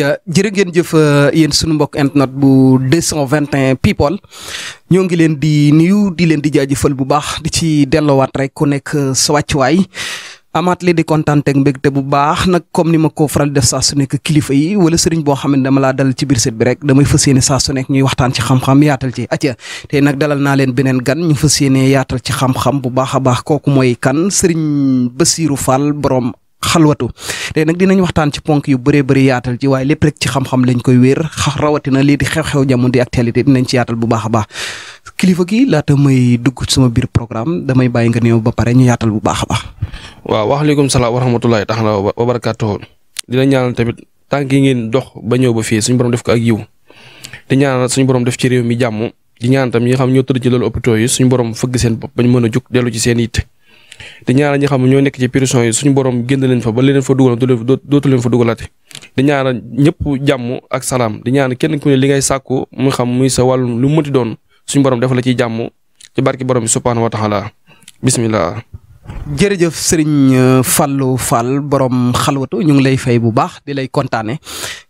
jërë ngeen jëf euh, yéen sunu mbokk internet bu 221 people ñoo ngi leen di nuyu di leen di jaajëfal bu baax di ci dellowaat rek ku nekk euh, sa wàccuwaay amaat leen di kontaan ak mbégte bu baax nag comme ni ma ko faral def saa su nekk kilifa yi wala sëriñ boo xam ne dama laa dal ci biir set bi rek damay fas yéene saa su nekk ñuy waxtaan ci xam-xam yaatal ci atia te nag dalal naa leen beneen gan ñu fas yéene yaatal ci xam-xam bu baax a baax kooku mooy kan sëriñ Bassirou Fall borom xalwatu te nag dinañ waxtaan ci ponk yu bëree bëri yaatal ci waaye lépp rek ci xam-xam lañ koy wéer rawatina lii di xew-xew jamono di actualité dinañ ci yaatal bu baax a baax kilifa gi laata may dugg sama biir programme damay bàyyi nga néew ba pare ñu yaatal bu baax a baax. waaw waaleykum salaam wa rahmatulahi taala wa barakaatuhu dina ñaanal tamit tànk yi ngeen dox ba ñëw ba fii suñu borom def ko ak yiw di ñaanal suñu borom def ci réew mi jàmm di ñaan tam ñi nga xam ñoo tëdd ci loolu hôpitaux yi suñu borom fëgg seen bopp ba ñu mën a jug dellu ci seen yitte di ñaanal ñi xam ne ñoo nekk ci prison yi suñu borom génn leen fa ba leen fa dugal dootu leen fa dugalaate di ñaanal ñëpp jàmm ak salaam di ñaanal kenn ku ne li ngay sàkku mu muy sa wàllum lu mënti doon suñu borom defal la ciy jàmm ci barki borom bi subhaanahu wa taala bismillah jërëjëf sëriñ euh, Fallou Fall borom xalwatu ñu ngi lay fay bu baax di lay kontaane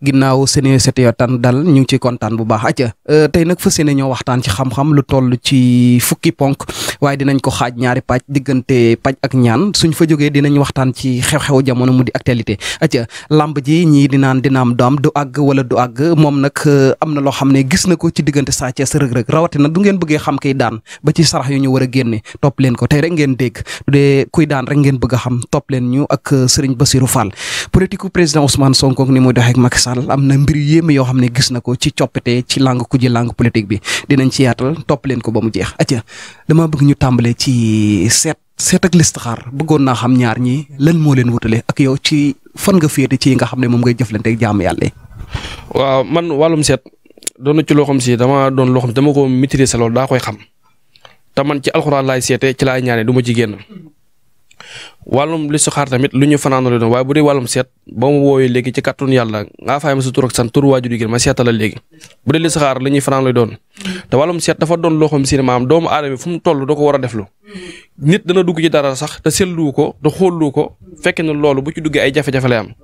ginnaaw seen seeti yoo tan dal ñu ngi ciy kontaan bu baax acca euh, tey nag fa yéene ñoo waxtaan ci xam-xam lu ci fukki ponk waaye dinañ ko xaaj ñaari pàcc diggante pàcc ak ñaan suñ fa jógee dinañ waxtaan ci xew-xew jamono mu di actualité. atia lamb ji ñii dinaan dinaam doom du àgg wala du àgg moom nag euh, am na loo xam ne gis na ko ci diggante Sa Thiès Reug rawatina du ngeen bëggee xam kay daan ba ci sarax yu ñu war a génne topp leen ko tey rek ngeen dégg kuy daan rek ngeen bëgg xam topp leen ñu ak euh, Serigne Bassirou Fall politique président Ousmane Sonko ni muy doxee ak Macky am na mbir yéeme yoo xam ne gis na ko ci coppite ci langue ku ji langue politique bi dinañ ci yaatal topp leen ko ba mu jeex atia dama bëgg ñu tàmbalee ci seet seet ak listixaar bëggoon naa xam ñaar ñi lan moo leen wutale ak yow ci fan nga féete ci nga xam ne moom ngay jëflante ak jaamu yàlla yi. waaw man wàllum seet doon na ci loo si dama doon loo xam dama ko mitire loolu daa koy xam te man ci alxuraan laay seete ci laay ñaane duma ci génn wàllum li su xaar tamit lu ñu fanaana la doon waaye bu dee wàllum seet ba mu woowee léegi ci kàttun yàlla ngaa fay ma sa ak sant tur waajur yi gën ma seetal la léegi bu dee li la ñuy fanaan lay doon te wàllum seet dafa doon loo xam si ne maam doomu aadama fu mu toll da ko war a deflu nit dana dugg ci dara sax te seetlu ko te xoollu ko fekke na loolu bu ci duggee ay jafe-jafe lay am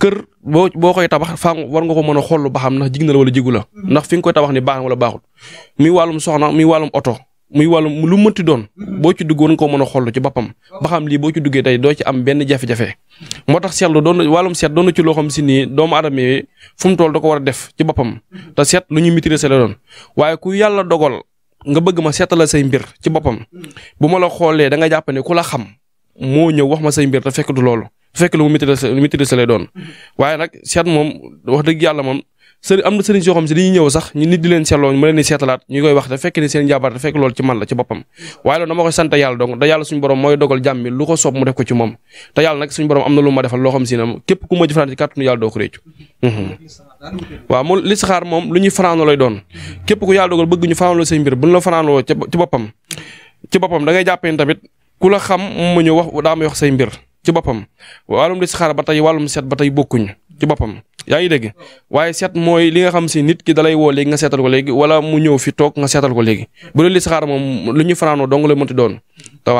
kër boo boo koy tabax faa war nga ko mën a xool ba xam ndax jig na la wala jigu la ndax fi nga koy tabax ni baax na wala baaxut muy wàllum soxna muy wàllum oto muy wàllum lu mënti doon boo ci dugg war nga koo mën a xool ci boppam ba xam lii boo ci duggee tey doo ci am benn jafe-jafe moo tax seetlu doon wàllum seet doon na ci loo xam si nii doomu aadama yi mu toll da ko war a def ci boppam seet lu ñu maîtriser la doon waaye ku yàlla dogal nga bëgg ma seetal say mbir ci boppam bu ma la xoolee da nga jàpp ne ku la xam moo ñëw wax ma say mbir te fekk du loolu fekk lu mu maîtriser maîtriser lay doon moom wax dëgg yàlla moom sëriñ am na sëriñ soo xam si dañuy ñëw sax ñu nit di leen seetloo ma leen di seetalaat ñu koy wax te fekk ni seen jàmbaar te fekk loolu ci man la ci boppam waaye loolu dama koy sant yàlla donc da yàlla suñu borom mooy dogal jàmm bi lu ko soob mu def ko ci moom te yàlla nag suñu borom am na lu ma defal loo si ne képp ko réccu mhm. waaw moom listixaar moom lu ñuy fanaanoo lay doon képp ku yàlla dogal bëgg ñu fanaanoo seen mbir buñ la fanaanoo ci boppam ci boppam da ngay tamit ku la xam mu ñu wax daa may wax say mbir ci boppam wàllum listixaar ba tey wàllum seet ba tey bokkuñ ci boppam yaa ngi dégg waaye seet mooy li nga xam si nit ki dalay woo léegi nga seetal ko léegi wala mu ñëw fi toog nga seetal ko léegi bu dee listixaar moom lu ñu fanaanoo dong la mënti doon te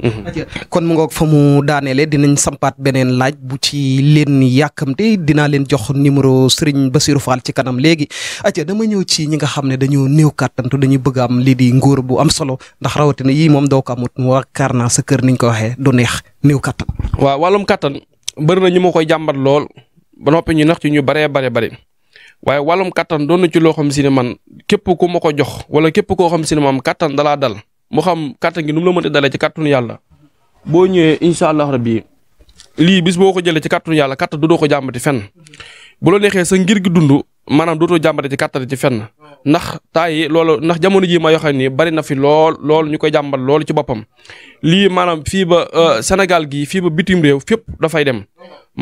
mhm. kon mu fa mu daaneele dinañ sampaat beneen laaj bu ci leen yàkkamte dinaa leen jox numéro Serigne Bassirou Fall ci kanam léegi atia dama ñëw ci ñi nga xam ne dañoo néew kàttantu dañu bëgg am lii di ngóor bu am solo ndax rawatina yii moom doo ko amut waa Karna sa kër niñ koy waxee du neex new kàttan. waaw wàllum kàttan bëri na ñu ma koy jàmbat lool ba noppee ñu nax ci ñu baree bare bari waaye wàllum kàttan doon na ci loo xam si ne man képp ku ma ko jox wala képp koo xam si ne maam kàttan dalaa dal mu xam kàttan gi nu mu la mënti dalee ci kàttanu yàlla boo ñëwee incha allah rabbi lii bis boo ko jëlee ci kàttanu yàlla kàttan du doo ko jàmbati fenn bu la neexee sa ngir gi dund maanaam dootoo jàmbate ci kàttan ci fenn ndax taay yi loolu ndax jamono jii ma yoxe nii bari na fi lool loolu ñu koy jàmbal loolu ci boppam lii maanaam fii ba euh, Sénégal gii fii ba bitim réew fépp dafay dem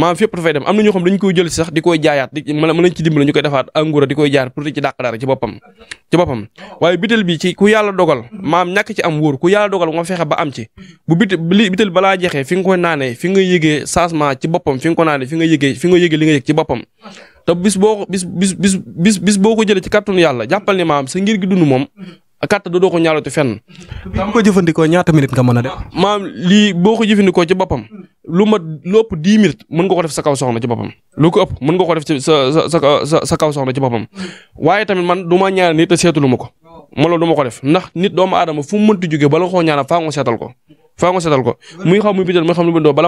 maanaam fépp dafay dem am na ñoo xam dañu koy jël sax di koy jaayaat di mën nañ ci dimbali ñu koy defaat angura di koy jaar pour di ci dàq dara ci boppam waaye bitel bi ci ku yàlla dogal maam ñàkk ci am wóor ku yàlla dogal nga fexe ba am ci bu bit li bitel balaa jeexee fi nga ko naanee fi nga yëgee changement ci boppam fi nga ko naanee fi nga yëgee fi nga yëgee li nga yëg ci boppam te bis boo bis boo ko jëlee ci kàttanu yàlla jàppal ne maam sa ngir gi dund moom kàtt doo ko ñaalatu fenn. bi ko ñaata minute nga mën a def. maam lii boo ko jëfandikoo ci boppam lu mat lu ëpp dix mën nga ko def sa kaw soxna ci boppam. lu ko ëpp nga ko def ci sa sa sa sa kaw soxna ci boppam waaye tamit man du ma ñaanal nit te seetlu ma ko. ma loolu ma ko def ndax nit doomu aadama fu mu mënti jógee bala nga koo ñaanal faa nga seetal ko. ko muy xaw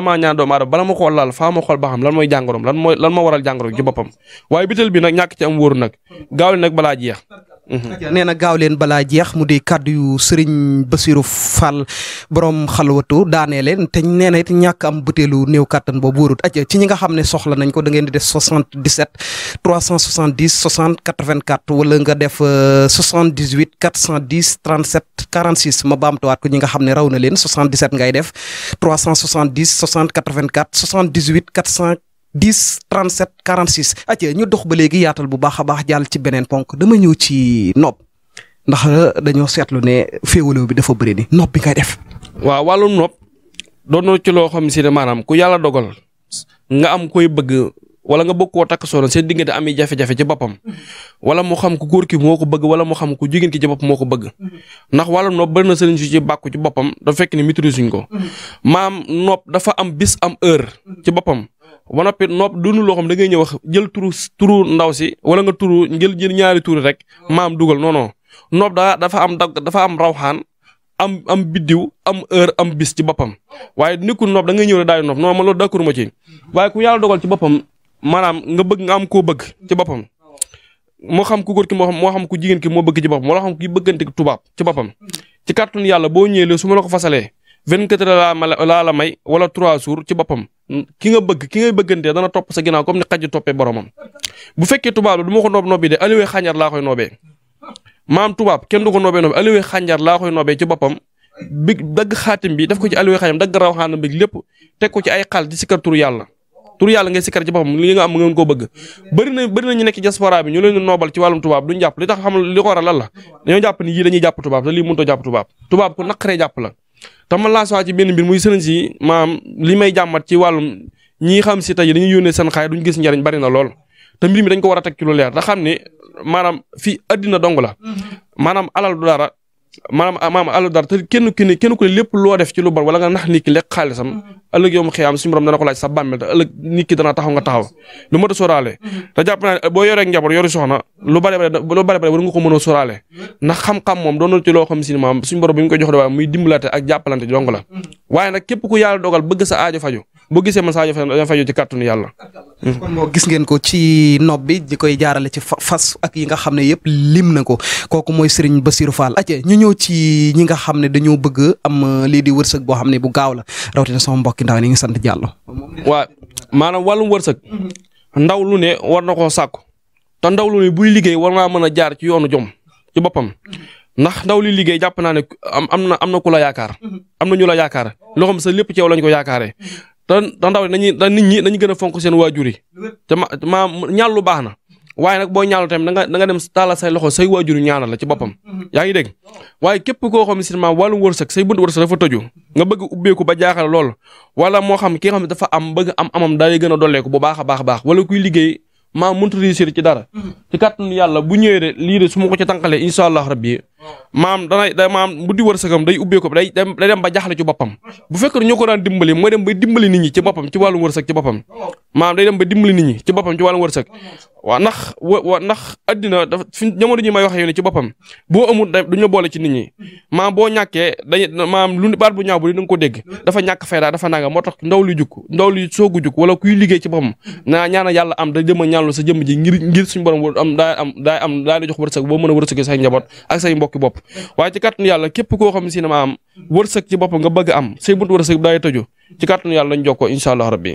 maa ñaan doomu aadama bala ma koo laal faa ma xool ba xam lan mooy jàngoroom lan mooy lan ma waral jàngoro ci boppam waaye bital bi nag ñàkk ci am wóoru nag gaaw nag balaa jeex Mm-hmm. nee na gaaw leen balaa jeex mu di kàddu yu Serigne Bassirou Fall borom xalwatu daanee leen te nee na it ñàkk am butéelu néew kàttan boobu wóorut aja ci ñi nga xam ne soxla nañ ko da ngeen di def 77 370 60 84 wala nga def 78 410 37 46 ma baamtuwaat ko ñi nga xam ne raw na leen 77 ngay def 370 60 84 78 400. 10 37 46 atie ñu dox ba léegi yaatal bu baax a baax jàll ci beneen ponk dama ñëw ci nopp ndax dañoo seetlu ne féewaloo bi dafa bëri ni nopp bi ngay def. waaw wàllum nopp doonoo ci loo xam si ne maanaam ku yàlla dogal nga am koy bëgg wala nga bëgg koo takk soxna seen diggante am jafe-jafe ci boppam wala mu xam ku góor ki moo ko bëgg wala mu xam ku jigéen ki ci bopp moo ko bëgg ndax wàllum nopp bëri na sëriñ su ci bàkku ci boppam dafa fekk ni maîtrise suñ ko mm-hmm. maam nopp dafa am bis am heure ci boppam. ba noppi nopp dunu loo xam da ngay ñëw wax jël turu turu ndaw si wala nga turu jël jël ñaari turi rek maam dugal non non da daa dafa am dag dafa am rawxaan am am biddiw am heure am bis ci boppam waaye nekkul nopp da ngay ñëw rek daay nopp non ma loolu d'accord ma ci hmm. waaye ku yàlla dogal ci boppam maanaam nga bëgg nga am koo bëgg ci boppam hmm. moo xam ku góor ki moo xam moo xam ku jigéen ki moo bëgg ci boppam moo xam ku bëggante tubaab ci boppam hmm. ci kàttanu yàlla boo ñëwee su ma la ko fasalee vingt-quatre heures laa may wala trois jours ci boppam ki nga bëgg ki ngay bëggantee dana topp sa ginnaaw comme ni xaj toppee boromam bu fekkee tubaab la du ma ko noob noobi de aliwe xànjar laa koy noobee maam tubaab kenn du ko noobee noobee aliwe xànjar laa koy noobee ci boppam bi dagg xaatim bi daf ko ci aliwe xànjar dagg raw lépp ko ci ay xal di sikkar tur yàlla tur yàlla ngay sikkar ci boppam li nga am ngeen koo bëgg bëri na bëri na ñu nekk diaspora bi ñu leen di noobal ci wàllum tubaab duñ jàpp li tax xam li ko waral lan la dañoo jàpp ni yii dañuy jàpp tubaab te lii mënutoo jàpp tubaab tubaab jàpp la te man laa soxla ci benn mbir muy sëriñ si maam li may jàmmat ci wàllum ñi xam si tey dañuy yónnee seen xaay duñ gis njariñ bari na lool te mbir mi dañ ko war a teg ci lu leer te xam ne maanaam fii addina dong la mm-hmm. maanaam alal du dara maanaam ah, maanaam àllu dara te kenn ku lépp loo def ci lu bon wala nga nax nit ki lekk xaalisam mhm. ëllëg yow mu dana ko laaj sa bàmmeel te ëllëg dana taxaw nga taxaw lu mat a sóoraale mhm. te eh, boo yoree njaboot yori soxna lu bare bare bare war nga ko mën a sóoraale mhm. xam-xam moom doon ci loo xam si ne muy dimbalante ak jàppalante dong la waaye nag képp ku yàlla dogal bëgg sa aajo faju boo gisee man Sadio Faye dana faju ci kàttanu yàlla. moo mm. gis ngeen ko ci nob bi di koy jaarale ci fas ak yi nga xam ne yëpp lim na ko kooku mooy Serigne Bassirou Fall. ace ñu ñëw ci ñi nga xam ne dañoo bëgg am uh, lii di wërsëg boo xam ne bu gaaw la rawatina sama mbokki ndaw ni ngi sant Diallo. waaw maanaam wàllum wërsëg. Mm-hmm. ndaw lu ne war na koo sàkku. te ndaw lu ne buy liggéey war naa mën a jaar ci yoonu jom ci boppam. Mm-hmm. ndax ndaw li liggéey jàpp naa ne am na am na ku yaakaar. Mm-hmm. am na ñu la yaakaar loo xam sa lépp ci yow lañ ko yaakaaree te ndaw nañuy da nit ñi dañu gën a fonk seen waajur yi te ma maam ñaan baax na waaye na boo ñaanlu tamit da nga da nga dem taalal say loxo say waajur yi ñaanal la ci boppam mm-hmm. yaa ngi dégg waaye képp koo xam si maam wàllu wërsëg say bunt wërsëg dafa tëju nga bëgg ubbeeku ba jaaxal lool wala moo xam ki nga ne dafa am bëgg am amam day gën a dolleeku bu baax a baax a baax wala kuy liggéey maa mënut réussir ci dara. Mm-hmm. ci kàttanu yàlla bu ñëwee de lii su ma ko ci tànqalee incha allah rabbi maam danay da maam bu di wërsëgam day ubbee ko day dem day dem ba jaxale ci boppam. bu fekkee ñoo ko daan dimbali mooy dem ba dimbali nit ñi ci boppam ci wàllum wërsëg ci boppam. maam day dem ba dimbali nit ñi ci boppam ci wàllum wërsëg waaw ndax wa wa ndax addina dafa fi jamono ji may waxee yow ci boppam boo amul da duñu boole ci nit ñi maam boo ñàkkee dañuy maam lu baat bu ñaaw bu da nga ko dégg dafa ñàkk fayda dafa nanga moo tax ndaw li jukk ndaw li soogu jukk wala kuy liggéey ci boppam naa ñaana yàlla am da jëm a ñaanlu sa jëmm ji ngir ngir suñu borom am daay am daay am daay la jox wërsëg boo mën a wërsëg say njaboot ak say bopp waaye ci yàlla képp koo xam si ne maam wërsëg ci boppam nga bëgg am say bunt wërsëg daay tëju ci kàttanu yàlla ñu jokkoo incha allah rabbi.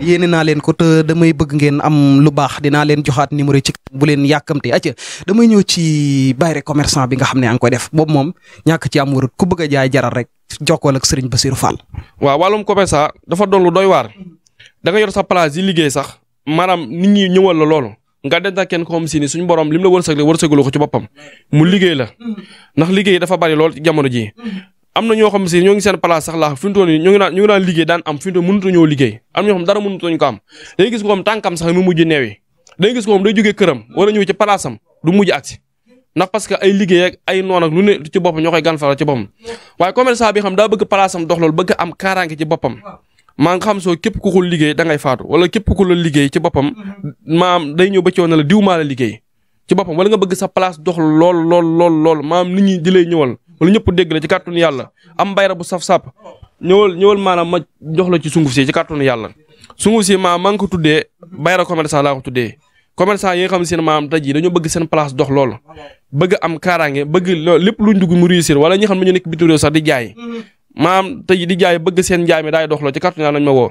yéene naa leen ko te damay bëgg ngeen am lu baax dina leen joxaat numéro yi ci bu leen yàkkamte acca damay ñëw ci bayre commerçant bi nga xam ne yaa ngi koy def boobu moom ñàkk ci am warut ku bëgg jaay jaral rek jokkool ak Serigne Bassirou Fall. waaw wàllum commerçant dafa doon lu doy waar da nga yor sa place yi liggéey sax maanaam nit ñi ñëwal la loolu nga den denta kenn ko si ni suñu borom lim la wërsëg la wërsëgalu ko ci boppam mu liggéey la mm-hmm. ndax liggéey dafa bari lool jamono ji mm-hmm. am na ñoo xam si ñoo ngi seen place sax laa fi mu toll nii ñu ngi naan ñu ngi naan liggéey daan am fi mu toll mënutu ñoo liggéey am na ñoo xam dara mënutuñ ko am dañuy gis ko xam tànkam sax mu mujj neewi dañuy gis ko xam day jógee këram wala ñëw ci place du mujj agsi ndax parce ay liggéey ay noon ak lu ne ci boppam ñoo koy gan faral ci boppam waaye commerçant bi xam daa bëgg place am dox lool bëgg am kaaraange ci boppam maa nga xam soo képp ku ko liggéey da ngay faatu wala képp ku la liggéey boppam maam day ñëw ba woon na la diw maa liggéey ci boppam wala nga bëgg sa place dox lool lool lool lool maam nit ñi di lay ñëwal wala ñëpp dégg la ci kàttanu yàlla am bayra bu saf-sàpp ñëwal ñëwal maanaam ma jox la ci sunguf si ci kàttanu yàlla sunguf si maam maa ngi ko tuddee bayra commerçant laa ko tuddee commerçant yi nga xam ne seen maa tey jii dañoo bëgg seen place dox lool bëgg am kaaraange bëgg lépp luñ dugg mu réussir wala ñi xam ne ñu nekk bitim sax di jaay maa tey jii di jaay bëgg seen jaay mi daay dox lool ci kàttanu yàlla nañ ma woo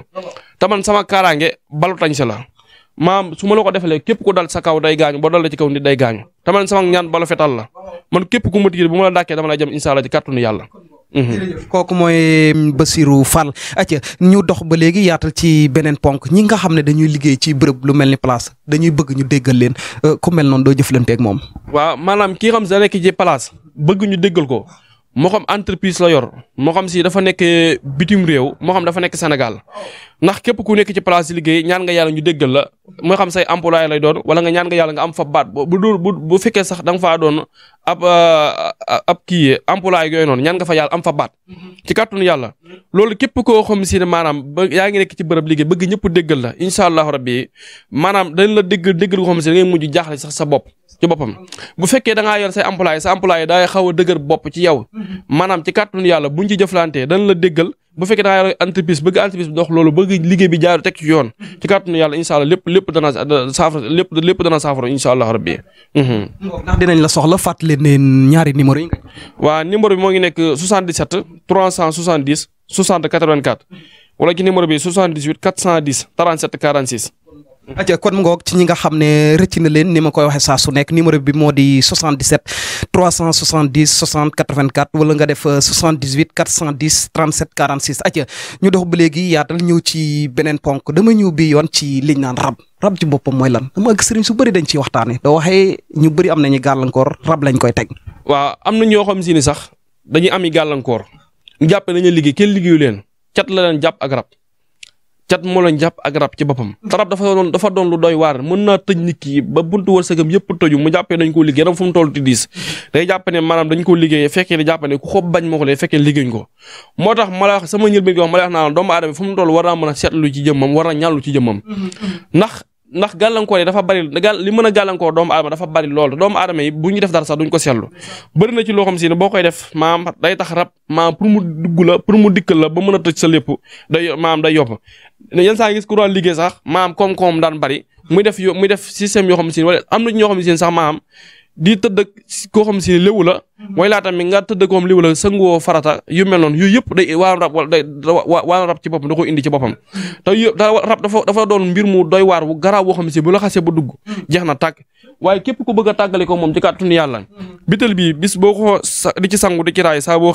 te man sama kaaraange balu tañ si la maam su ma la ko defalee képp ku dal sa kaw day gaañu ba dal la ci kaw nit day gaañu te man sama ñaan bala fetal la man képp ku ma tiir bu ma la dàkkee dama lay jëm incha allah ci kàttanu yàlla. Mhm. kooku mooy Basirou Fall acca ñu dox ba léegi yaatal ci beneen ponk ñi nga xam ne dañuy liggéey ci bërëb lu mel ni place dañuy bëgg ñu déggal leen euh, ku mel noonu doo jëflanteeg moom. waaw maanaam ki xam sa nekk ci place bëgg ñu déggal ko moo xam entreprise la yor moo xam si dafa nekk bitim réew moo xam dafa nekk Sénégal ndax képp ku nekk ci place liggéey ñaan nga yàlla ñu déggal la moo xam say employé lay doon wala nga ñaan nga yàlla nga am fa baat bu dul bu bu fekkee sax da nga faa doon ab ab kii employé yooyu noonu ñaan nga fa yàlla am fa baat. ci kàttanu yàlla loolu képp koo xam si ne maanaam ba yaa ngi nekk ci bërëb liggéey bëgg ñëpp déggal la incha allahu rabbi maanaam dañ la déggal déggal koo xam si ne da ngay mujj sax sa bopp. ci boppam bu fekkee da yor say employé sa employé day xaw a dëgër bopp ci yow maanaam ci kàttanu yàlla buñ ci jëflantee dañ la déggal bu fekkee da ngaa yor entreprise bëgg entreprise bi dox loolu bëgg liggéey bi jaaru teg ci yoon ci kàttanu yàlla incha allah lépp lépp dana saafara lépp lépp dana saafara incha allah rabbi mhm. la soxla fàttali leen ñaari numéro yi. waa numéro bi moo ngi nekk 77 370 60 84 wala ci numéro bi 78 410 aja kon mu ngoog ci ñi nga xam ne rëcc na leen ni ma koy waxee saa su nekk numéro bi moo di 77 370 60 84 wala nga def 78 410 37 46 aja ñu dox ba léegi yaatal ñëw ci beneen ponk dama ñëw bi yoon ci liñ naan rab rab ci boppam mooy lan dama gis sëriñ su bëri dañ ciy waxtaane doo waxee ñu bari am nañu gàllankoor rab lañ koy teg. waaw am na ñoo xam si ni sax dañuy ami gàllankoor ñu jàppee liggéey kenn liggéeyu leen cat la jàpp ak cat moo leen jàpp ak rab ci boppam te rab dafa doon dafa doon lu doy waar mën naa tëj nit ki ba buntu wërsëgam yëpp tëju mu jàppee dañ ko liggéey yaram fu mu toll ti diis day jàpp ne maanaam ko liggéey fekkee ne jàpp ku xob bañ moo ko lee fekkee liggéeyuñ ko moo tax ma sama njëlbeen gi wax naa doomu aadama fu mu toll war naa mën a seetlu ci jëmmam war a ñàllu ci jëmmam mm-hmm. ndax ndax gàllankoor yi dafa bari gàll li mën a gàllankoor doomu aadama dafa bari lool doomu aadama yi bu ñu def dara sax duñ ko seetlu bëri na ci loo xam si ne boo koy def maam day tax rab maam pour mu dugg la pour mu dikkal la ba mën a tëj sa lépp day maam day yopp yenn saa gis ku doon liggéey sax maam koom-koom daan bari muy def yo muy def système yoo xam si wala am na ñoo xam si sax maam di tëdd koo xam si léwu la mhm. mooy laa tamit nga tëdd koo xam léwu la sanguwoo farata yu mel noonu yooyu yëpp day waan rab wala day waan rab ci boppam da ko indi ci boppam mhm. te yëpp da rab dafa dafa doon mbir mu doy waar wu garaaw boo xam si bu la xasee ba dugg mhm. jeex na tàkk waaye képp ku bëgg a tàggale ko moom ci kàttanu yàlla bital bii bis boo ko di ci sangu di ci raay saa boo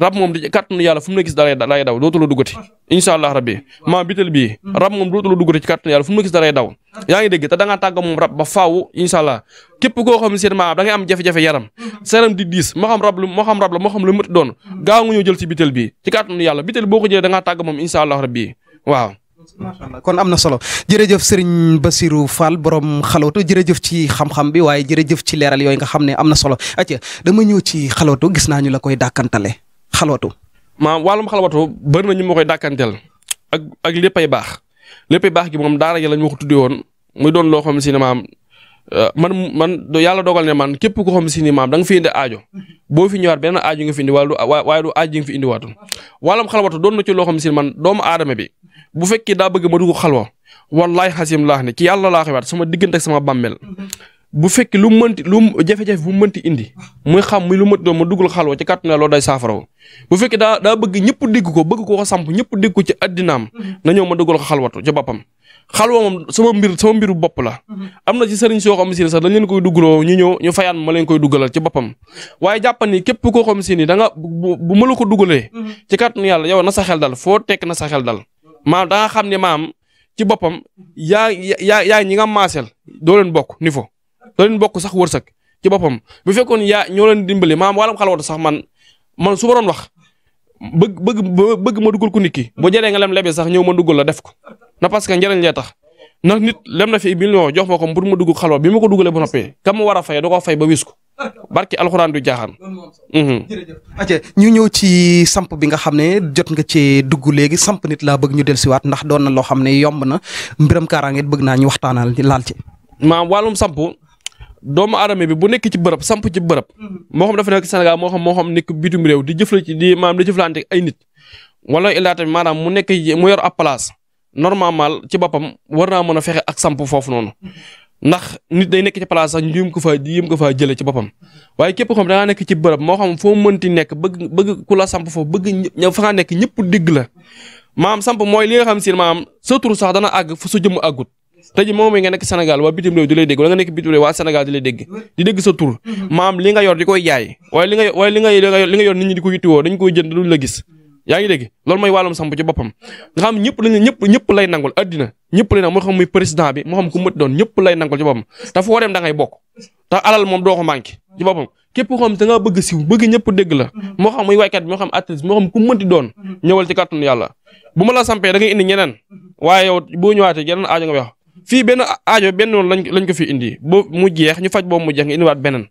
rab moom di ci kàttanu yàlla fu mu la gis dalay dalay daw dootu la duggati incha allah rabbi maa bital bii rab moom dootu la duggati ci kàttanu yàlla fu mu la gis dalay daw yaa ngi dégg te da ngaa moom rab ba faaw incha allah képp koo xam seen maam da ngay am jafe-jafe yaram seram di diis moo xam rab moo xam rab la moo xam lu mët doon gaaw nga jël ci bital bi ci kàttanu yàlla bital boo ko jëlee da ngaa tàgg moom incha allah rabbi macha allah kon am na solo jërëjëf Serigne Bassirou Fall borom xalootu jërëjëf ci xam-xam bi waaye jërëjëf ci leeral yooyu nga xam ne am na solo acca dama ñëw ci xalootu gis naa ñu la koy dàkkantale xalootu. maam wàllum xalwatu bëri na ñu ma koy dàkkanteel ak ak léppay baax léppay baax gi moom daara ji la ñu ko tuddee woon muy doon loo xam si ne maam Euh, man man yàlla dogal ne man képp ko xam si ni maam da nga fi indi aajo boo fi ñëwaat benn aajo nga fi indi wala du waaye du aajo nga fi indi waatoon wàllam xalwatu doon na ci loo xam si man doomu aadama bi bu fekkee daa bëgg ma dugg xalwa wallaay xasim laax ne ci yàlla laa xewaat sama diggante sama bàmmeel bu fekkee lu mënti lu jafe-jafe bu mënti indi muy xam muy lu mënti doon ma dugal xalwa ci kàttu ne loolu day saafaraw bu fekkee daa daa bëgg ñëpp dégg ko bëgg ko ko samp ñëpp dégg ko ci addinaam na ñëw ma dugal ko xalwatu ci xalwa moom sama mbir sama mbiru bopp la mhm. am na ci sëriñ soo xam si sax dañ leen koy duggaloo ñu ñëw ñu fayaan ma leen koy duggalal ci boppam waaye jàppan ni képp koo xam si ni da nga bu ma la ko duggalee mhm. ci kàttanu yàlla yow na sa xel dal foo tekk na sa xel dal maam da xam ne maam ci boppam yaa yaa yaa ñi nga maaseel doo leen bokk ni fo doo leen bokk sax wërsëg ci boppam bu fekkoon yaa ñoo leen dimbali maam wàllum xalwa sax man man su ma wax bëgg bëgg bëgg ma duggal ko nit boo jëlee nga lem lebe sax ñëw ma duggal la def ko na parce que njëriñ lee tax ndax nit lem na fi million jox ma ko pour mu dugg xalwa bi ma ko dugalee ba noppi kam mu war a fay da koo fay ba wis ko barki alxuraan du jaaxaan. jërëjëf mhm. ñu ñëw ci samp bi nga xam ne jot nga ci dugg léegi samp nit laa bëgg ñu siwaat ndax doon na loo xam ne yomb na mbiram kaaraange bëgg naa ñu waxtaanal laal ci. maam wàllum samp doomu aadama bi bu nekk ci bërëb samp ci bërëb. Mhm. moo xam dafa nekk Sénégal moo xam moo xam nekk bitum réew di jëfla ci di maam di jëflante ay nit wala illaa tamit maanaam mu nekk mu yor ab place normal ci boppam war naa mën a fexe ak samp foofu noonu ndax nit day nekk ci place sax ñu yëm ko faa yëm ko faa jëlee ci boppam waaye képp xam dangaa nekk ci bërëb moo xam foo mënti nekk bëgg bëgg ku la samp foofu bëgg ña nekk ñëpp digg la maam mooy li nga xam si maam sa tur sax dana àgg fu su jëm àggut tey jii moom mi nga nekk Sénégal waa bitim réew waa Sénégal di lay dégg di dégg sa tur mm-hmm. maam li nga yor di koy jaay waaye li nga waaye li nga li yor nit ñi di ko yittewoo dañ koy jënd duñ la gis yaa ngi dégg loolu mooy wàllum samp ci boppam nga xam ñëpp lañu ñëpp ñëpp lay nangul addina ñëpp lay nangul moo bi moo xam doon ñëpp lay nangul ci boppam te foo dem bokk te alal moom doo ko manqué ci boppam képp koo xam da bëgg siw bëgg ñëpp dégg la mhm. moo xam muy waykat bi moo xam artiste moo xam ku mënti doon mhm. ñëwal ci kàttanu yàlla bu ma la sampee danga indi ñeneen mhm. waaye yow boo ñëwaatee yeneen aajo nga wax fii benn aajo benn yoon lañ lañ ko fi indi boo mu jeex ñu faj boobu mu jeex nga indiwaat beneen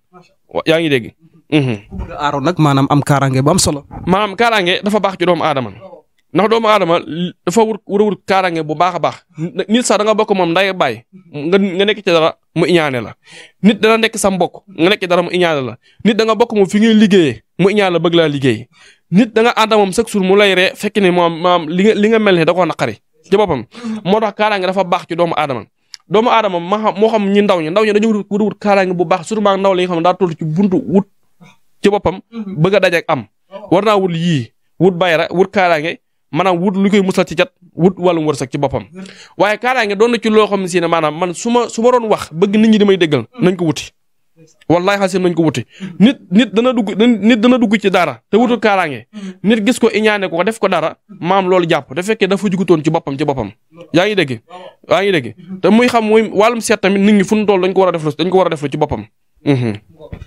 yaa ngi dégg Mhm. ku bëgg a nag maanaam am kaaraange bu am solo. maanaam kaaraange dafa baax ci doomu aadama ndax doomu aadama dafa wut war a wut bu baax a baax sax da nga bokk moom nday bàyyi nga nga nekk ci dara mu iñaane la nit dana nekk sa mbokk nga nekk ci dara mu la nit da nga bokk moom fi ngay liggéeyee mu iñaane la laa liggéey nit da nga ànd moom chaque jour mu lay ree fekk ni moom maam li nga nga mel ne da koo naqari ci boppam moo tax kaaraange dafa baax ci doomu aadama doomu aadama maa moo xam ñi ndaw ñi ndaw ñi dañu wut wut kaaraange bu baax surtout maa ndaw la nga xam ne daa ci buntu wut ci boppam mhm. bëgga a am oh. war naa wut yii wut bayra wut kaaraange maanaam wut lu koy musal ci cat wut wàllum wërsëg ci boppam mhm. waaye kaaraange doon na ci loo xam ne si ne maanaam man su ma su ma wax bëgg nit ñi di may déggal mhm. nañ ko wuti wallaay xasim nañ ko wuti nit nit dana dugg nit dana dugg ci dara te wutul kaaraange nit gis ko iñaane ko def ko dara maam loolu jàpp da fekkee dafa jugutoon ci boppam ci boppam yaa ngi dégg yaa ngi dégg te muy xam muy wàllum seet tamit nit ñi fu ñu toll dañ war a def dañ ko war a def ci boppam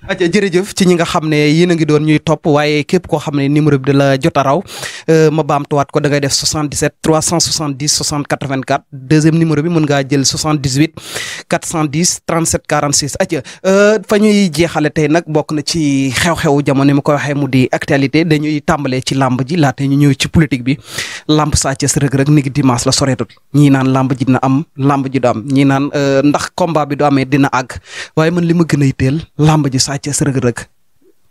aja jërëjëf ci ñi nga xam ne yéen a ngi doon ñuy topp waaye képp koo xam ne numéro bi da la jot a raw euh, ma baamtuwaat ko da ngay def 77 370 60 84 deuxième numéro bi mën ngaa jël 78 410 37 46 aja euh, fa ñuy jeexale tey nag bokk na ci xew xew jamono mi koy waxee mu di actualité dañuy tàmbalee ci làmb ji laata ñu ñëw ci politique bi làmb Sa Thiès Reug Reug ni ngi dimanche la soreetut ñii naan làmb ji dina am làmb ji du am ñii naan euh, ndax combat bi du amee dina àgg waaye man li ma gën a làmb ji Sa Thiès Reug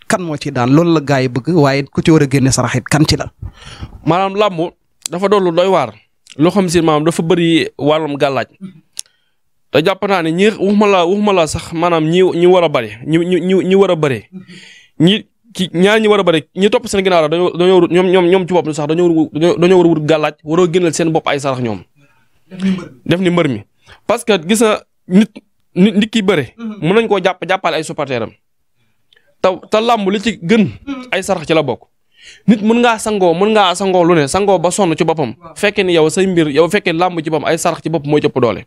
kan moo ci daan loolu la gaa yi bëgg waaye ku ci war a génne sarax it kan ci la. maanaam làmb dafa doon lu doy waar loo xam si maanaam dafa bëri wàllum gàllaaj te jàpp naa ne ñi waxuma la waxuma la sax maanaam ñi ñi war a bëri ñi ñi ñi war a bëree ñi ci ñaar ñi war a bëri ñi topp seen ginnaaw dañoo dañoo ñoom ñoom ñoom ci bopp sax dañoo dañoo war a wut gàllaaj waroo génneel seen bopp ay sarax ñoom. def ni mbër mi parce que nit nit ki bëre. Mhm. mën nañ koo jàpp jàppale ay supporteram te te làmb li ci gën. Mhm. ay sarax ci la bokk. nit mën ngaa sangoo mën ngaa sangoo lu ne sangoo ba sonn ci boppam. fekkee ni yow say mbir yow fekkee làmb ci boppam ay sarax ci bopp mooy cëpp doole.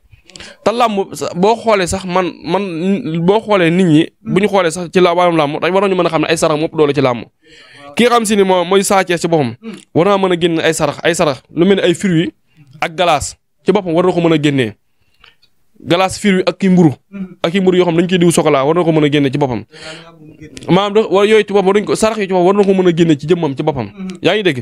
te làmb boo xoolee sax man man boo xoolee nit ñi mhm. bu ñu xoolee sax ci la wàllum làmb dañ waroon ñu mën a xam ne ay sarax mopp ci làmb. xam si ni moom mooy Sa Thiès boppam. war naa mën a ay sarax ay sarax lu mel ni ay fruits ak glace ci boppam war ko mën a génnee galaas fiir wi ak i mburu mm-hmm. ak i mburu yoo xam dañ koy diw sokolaa war na ko mën a génne ci boppam maanaam da war yooyu ci boppam dañ ko sarax na ko mën a génne ci jëmmam ci boppam mm-hmm. yaa ngi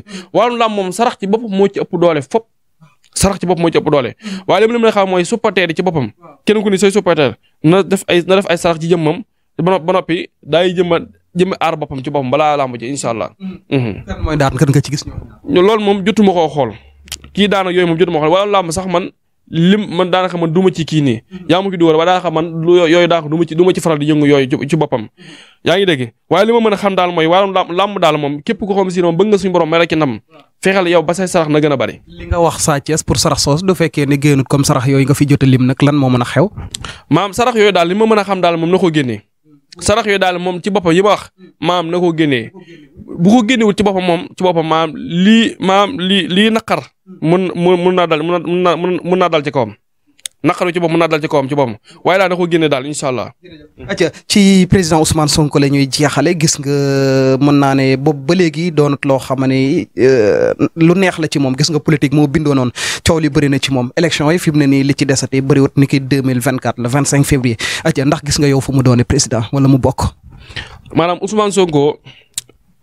leen ba noppi daay jëmma jëmmi aar boppam ci boppam balaa làmb ji incha allah. Mm-hmm. kan mooy daan kan nga ci gis. loolu moom jotuma koo xool kii daana yooyu moom jotuma koo xool wala làmb sax man lim man daana man du ma ci kii nii mm-hmm. yaa ma ci dugal waaye daanaka man lu yooyu daanaka du ma ci du ma ci faral di yëngu yooyu ci boppam mm-hmm. yaa ngi dégg waaye li ma mën a xam daal mooy wàllum làmb daal moom képp ko xam si moom bëgg nga suñu borom may ci ndam fexeel yow ba say sarax na gën a bari. li nga wax Sa Thiès pour sarax soos du fekkee ne génnut comme sarax yooyu nga fi jot a lim nag lan moo a a xew. maam sarax yooyu daal li ma mën a xam daal moom na ko génnee sarax yooyu daal moom ci boppam yi ma maam na ko génnee bu ko génnewul ci boppam moom ci boppam maam lii maam lii lii naqar mun mun mun naa dal mun naa mun naa dal ci koom naqaru ci boppam mën naa dal ci kawam ci boppam waaye daal da ko génne daal incha allah. jërëjëf ci président Ousmane Sonko la ñuy jeexale gis nga mën naa ne boobu ba léegi doonut loo xam ne euh, lu neex la ci moom gis nga politique moo bindoo noonu coow li bëri na ci moom élection yi fi mu ne nii li ci desate bëriwut ni ki deux mille vingt quatre le vingt cinq février atia ndax gis nga yow fu mu doone président wala mu bokk. maanaam Ousmane Sonko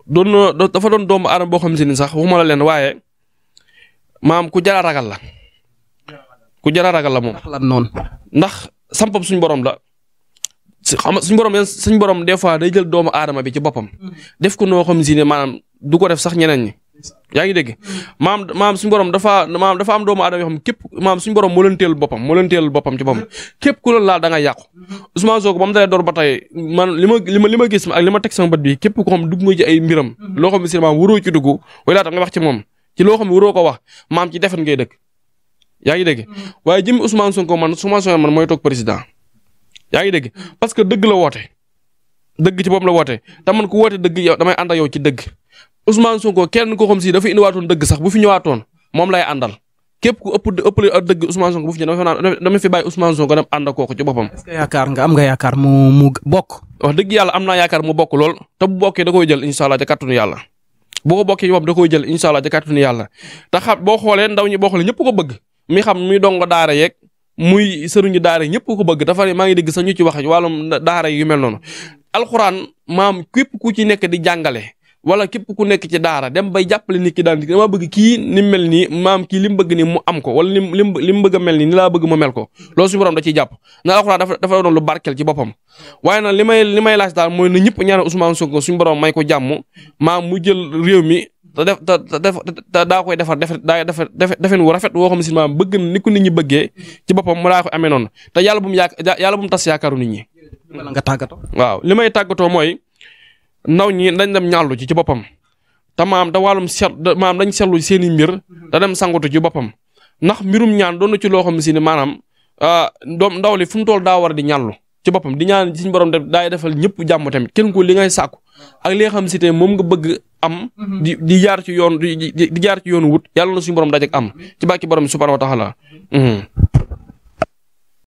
doon dafa doon doomu aadama boo xam si ni sax waxuma la leen waaye ku jar ragal la. ku jar a ragal la moom. lan noonu ndax sampam suñu borom la xam suñu borom yéen suñu borom des fois day jël doomu aadama bi ci boppam. def ko noo xam si ne maanaam du ko def sax ñeneen ñi. yaa ngi dégg maam maam dafa maam dafa am doomu aadama yoo xam képp teel boppam moo leen teel boppam ci boppam képp ku loolu laal da nga yàqu Ousmane Sonko ba mu dalee door ba tey man li ma li ma li ma gis li ma teg sama bët bi képp ko xam dugg nga ci ay mbiram loo xam ne maam waroo ci dugg wala tam nga wax ci moom ci loo xam ne waroo ko wax maam ci defen ngay dëkk yaa ngi dégg mm. waaye jëmmi Ousmane Sonko man Ousmane Sonko man mooy toog président yaa ngi dégg mm. parce que dëgg la woote dëgg ci moom la woote te man ku woote dëgg yow damay ànd ak yow ci dëgg Ousmane Sonko kenn ko xam si dafa indiwaatoon dëgg sax bu fi ñëwaatoon moom lay àndal képp ku ëpp ëppale ak dëgg Ousmane Sonko bu fi ñëw dama fi bàyyi Ousmane Sonko dem ànd ak kooku ci boppam. est-ce yaakaar nga bokk. wax dëgg yàlla am naa yaakaar mu bokk lool te bu bokkee da koy jël incha allah ca kàttanu yàlla boo ko bokkee moom da koy jël incha allah ca kàttanu boo xoolee ñi boo xoolee ñëpp ko bëgg mi xam mi dongo daara yeeg muy sëriñu daara ñëpp ko bëgg dafa maa ngi dégg sax ñu ci wax wàllum daara yu mel noonu alxuraan maam képp ku ci nekk di jàngale wala képp ku nekk ci daara dem bay jàppale nit ki daal nit dama bëgg kii ni mu mel nii maam kii li mu bëgg nii mu am ko wala lim lim lim bëgg mel nii ni laa bëgg mu mel ko loo suñu borom da ciy jàpp ndax alxuraan dafa dafa doon lu barkeel ci boppam waaye na li may li may laaj daal mooy na ñëpp ñaanal Ousmane Sonko suñu borom may ko jàmm maam mu jël réew mi da def da da daa koy defar def daa defar defin wu rafet woo xam ne si maanaam bëgg na ni ko nit ñi bëggee ci boppam mu daa ko amee noonu te yàlla bu mu yàq yàlla bu yaakaaru nit ñi. tàggatoo. waaw li may tàggatoo mooy ndaw ñi dañ dem ñaalu ci ci boppam te maam da wàllum seet maam dañ seetlu seen i mbir da dem sangutu ci boppam ndax mbirum ñaan doon na ci loo xam ne si ne maanaam ah, doom ndaw li fu mu toll daa war di ñaalu ci boppam di ñaan ci suñu borom daay defal ñëpp jàmm tamit kenn ko li ngay sàkku ak li nga moom nga bëgg am. Mhm. di di jaar ci yoon di jaar ci yoonu wut yàlla na suñu borom daje ak am ci bàkki borom bi subhaanahu wa taala mhm.